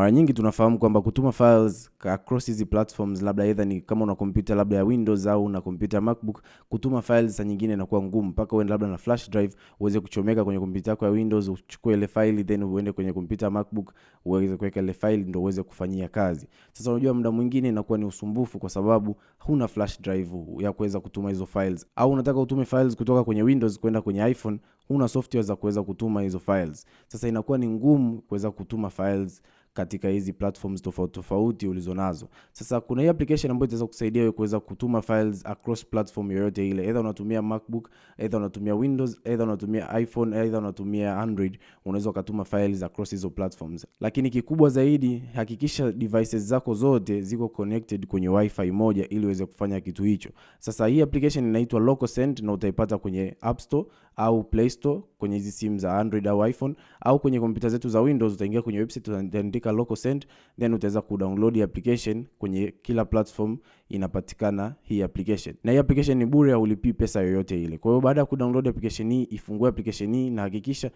mara nyingi tunafahamu kwamba kutuma files across hizi platforms, labda either ni kama una kompyuta labda ya Windows au una kompyuta MacBook, kutuma files saa nyingine inakuwa ngumu, mpaka uende labda na flash drive uweze kuchomeka kwenye kompyuta yako ya Windows, uchukue ile file then uende kwenye kompyuta ya MacBook uweze kuweka ile file ndio uweze kufanyia kazi. Sasa unajua, muda mwingine inakuwa ni usumbufu, kwa sababu huna flash drive ya kuweza kutuma hizo files, au unataka utume files kutoka kwenye Windows kwenda kwenye iPhone, huna software za kuweza kutuma hizo files. Sasa inakuwa ni ngumu kuweza kutuma files katika hizi platforms tofauti tofauti ulizonazo. Sasa kuna hii application ambayo itaweza kusaidia wewe kuweza kutuma files across platform yoyote ile, either unatumia MacBook, either unatumia Windows, either unatumia iPhone, either unatumia Android, unaweza kutuma files across hizo platforms. Lakini kikubwa zaidi, hakikisha devices zako zote ziko connected kwenye wifi moja ili uweze kufanya kitu hicho. Sasa hii application inaitwa Locosend na utaipata kwenye App Store au Play Store kwenye hizi simu za Android au iPhone au kwenye kompyuta zetu za Windows, utaingia kwenye website imeandika local send, then utaweza kudownload application kwenye kila platform inapatikana hii application, na hii application ni bure, haulipii pesa yoyote ile. Kwa hiyo baada ya kudownload application hii, ifungue application hii na hakikisha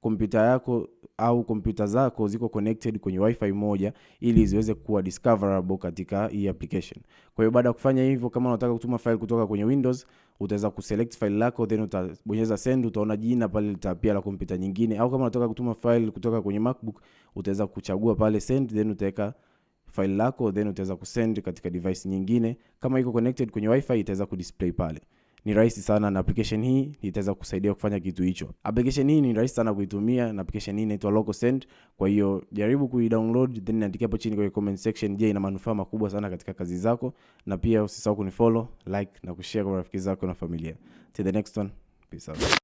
kompyuta yako au kompyuta zako ziko connected kwenye wifi moja ili ziweze kuwa discoverable katika hii application. Kwa hiyo baada ya kufanya hivyo, kama unataka kutuma file kutoka kwenye Windows, utaweza kuselect file lako then utabonyeza send, utaona jina pale litapia la kompyuta nyingine, au kama unataka kutuma file kutoka kwenye MacBook, utaweza kuchagua pale send then utaweka file lako then utaweza kusend katika device nyingine. Kama iko connected kwenye wifi, itaweza kudisplay pale ni rahisi sana, na application hii itaweza kusaidia kufanya kitu hicho. Application hii ni rahisi sana kuitumia, na application hii inaitwa Localsend. Kwa hiyo jaribu kuidownload, then niandikia hapo chini kwenye comment section, je, ina manufaa makubwa sana katika kazi zako, na pia usisahau kunifollow, like na kushare kwa rafiki zako na familia. Till the next one, peace out.